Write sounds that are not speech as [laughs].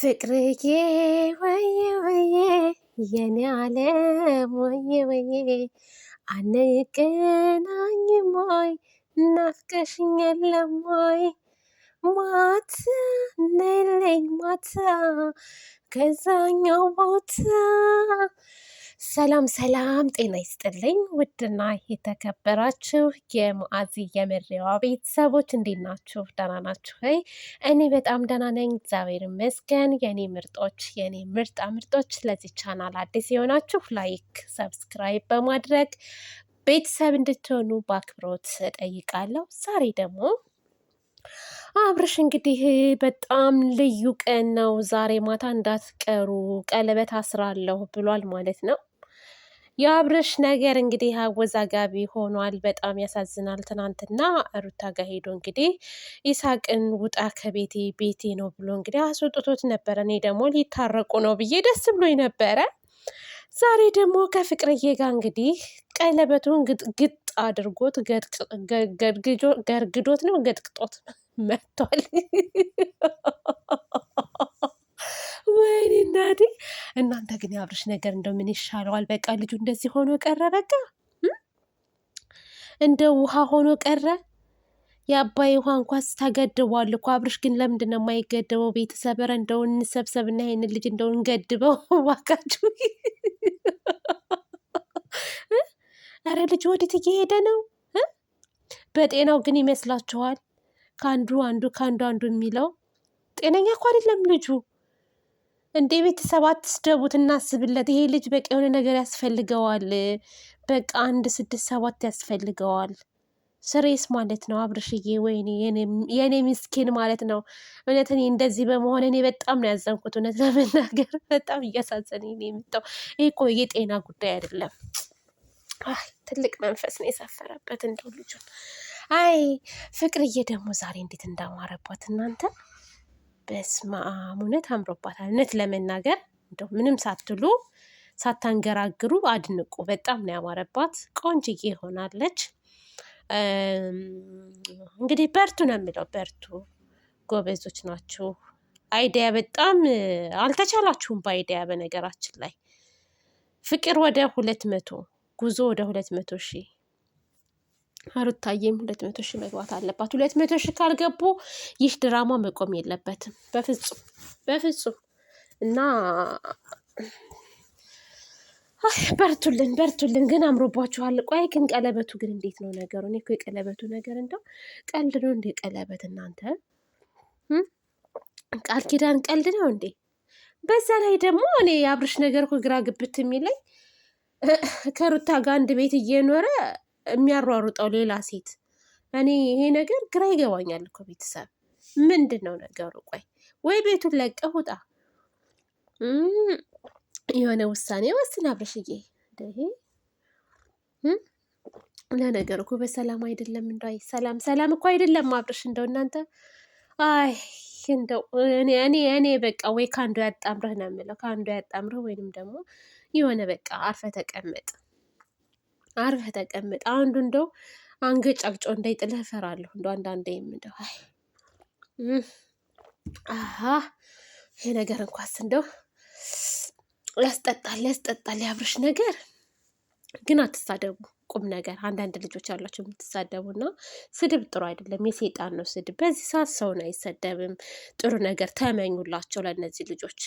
ፍቅርዬ ወየ ወየ የኔ አለም ወየ ወየ አንገናኝም ወይ ናፍቀሽኛለም ወይ ማታ ነለኝ ማታ ከዛኛው ቦታ ሰላም ሰላም፣ ጤና ይስጥልኝ ውድና የተከበራችሁ የማዓዚ የመሪዋ ቤተሰቦች እንዴት ናችሁ? ደህና ናችሁ ወይ? እኔ በጣም ደህና ነኝ፣ እግዚአብሔር ይመስገን። የእኔ ምርጦች፣ የእኔ ምርጣ ምርጦች፣ ለዚህ ቻናል አዲስ የሆናችሁ ላይክ፣ ሰብስክራይብ በማድረግ ቤተሰብ እንድትሆኑ በአክብሮት እጠይቃለሁ። ዛሬ ደግሞ አብርሽ እንግዲህ በጣም ልዩ ቀን ነው ዛሬ፣ ማታ እንዳትቀሩ ቀለበት አስራለሁ ብሏል ማለት ነው። የአብርሽ ነገር እንግዲህ አወዛጋቢ ሆኗል። በጣም ያሳዝናል። ትናንትና ሩታ ጋር ሄዶ እንግዲህ ይሳቅን ውጣ ከቤቴ ቤቴ ነው ብሎ እንግዲህ አስወጥቶት ነበረ። እኔ ደግሞ ሊታረቁ ነው ብዬ ደስ ብሎኝ ነበረ። ዛሬ ደግሞ ከፍቅርዬ ጋር እንግዲህ ቀለበቱን ግጥ አድርጎት ገርግዶት ነው ገጥቅጦት [laughs] መጥቷል። [laughs] ወይኔ እናቴ እናንተ ግን የአብርሽ ነገር እንደው ምን ይሻለዋል? በቃ ልጁ እንደዚህ ሆኖ ቀረ። በቃ እንደ ውሃ ሆኖ ቀረ። የአባይ ውሃ እንኳስ ተገድቧል እኮ። አብርሽ ግን ለምንድን ነው የማይገድበው? ቤተሰብ ኧረ እንደው ና ይሄንን ልጅ እንደው እንገድበው [laughs] እባካችሁ። ኧረ ልጅ ወዴት እየሄደ ነው? በጤናው ግን ይመስላችኋል? ከአንዱ አንዱ ከአንዱ አንዱ የሚለው ጤነኛ እኮ አይደለም ልጁ። እንዴ ቤተሰብ አትስደቡት፣ እናስብለት። ይሄ ልጅ በቃ የሆነ ነገር ያስፈልገዋል። በቃ አንድ ስድስት ሰባት ያስፈልገዋል። ስሬስ ማለት ነው አብርሽዬ፣ ወይኔ የእኔ ምስኪን ማለት ነው። እውነት እኔ እንደዚህ በመሆን እኔ በጣም ነው ያዘንኩት። እውነት ለመናገር በጣም እያሳዘን ነው ይሄ እኮ የጤና ጉዳይ አይደለም። አይ ትልቅ መንፈስ ነው የሰፈረበት እንደው ልጁን። አይ ፍቅርዬ ደግሞ ዛሬ እንዴት እንዳማረባት እናንተ በስመ አብ እውነት አምሮባታል። እውነት ለመናገር እንደው ምንም ሳትሉ ሳታንገራግሩ አድንቁ። በጣም ነው ያማረባት። ቆንጅዬ ሆናለች። እንግዲህ በርቱ ነው የሚለው በርቱ፣ ጎበዞች ናችሁ። አይዲያ በጣም አልተቻላችሁም። በአይዲያ በነገራችን ላይ ፍቅር ወደ ሁለት መቶ ጉዞ ወደ ሁለት መቶ ሺህ ሩታዬም ሁለት መቶ ሺህ መግባት አለባት። ሁለት መቶ ሺህ ካልገቡ ይህ ድራማ መቆም የለበትም በፍጹም በፍጹም። እና በርቱልን በርቱልን። ግን አምሮባችኋል። ቆይ ግን ቀለበቱ ግን እንዴት ነው ነገሩ? እኔ እኮ የቀለበቱ ነገር እንደው ቀልድ ነው እንዴ? ቀለበት እናንተ ቃል ኪዳን ቀልድ ነው እንዴ? በዛ ላይ ደግሞ እኔ የአብርሽ ነገር እኮ ግራ ግብት የሚለኝ ከሩታ ጋር አንድ ቤት እየኖረ የሚያሯሩጠው ሌላ ሴት። እኔ ይሄ ነገር ግራ ይገባኛል እኮ ቤተሰብ፣ ምንድን ነው ነገሩ? ቆይ ወይ ቤቱን ለቀህ ውጣ፣ የሆነ ውሳኔ ወስን አብረሽዬ። ለነገር እኮ በሰላም አይደለም እንደ ሰላም ሰላም እኮ አይደለም አብረሽ። እንደው እናንተ አይ እንደው እኔ እኔ በቃ ወይ ከአንዱ ያጣምረህ ነው የምለው፣ ከአንዱ ያጣምረህ ወይንም ደግሞ የሆነ በቃ አርፈ ተቀመጥ። አርፈህ ተቀምጥ። አንዱ እንደው አንገጭ አግጮ እንዳይጥልህ እፈራለሁ። እንደው አንዳንዴም እንደው አይ አሀ ይሄ ነገር እንኳስ እንደው ያስጠጣል ያስጠጣል ያብርሽ ነገር ግን አትሳደቡ። ቁም ነገር አንዳንድ ልጆች ያላቸው የምትሳደቡ እና ስድብ ጥሩ አይደለም፣ የሴጣን ነው ስድብ። በዚህ ሰዓት ሰውን አይሰደብም። ጥሩ ነገር ተመኙላቸው ለእነዚህ ልጆች።